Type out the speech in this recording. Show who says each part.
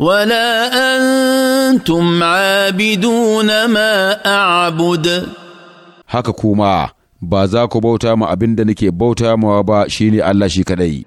Speaker 1: ولا أنتم عابدون ما أعبد haka kuma ba za ku bauta ma abin da nake bauta mawa ba
Speaker 2: shine Allah shi kaɗai.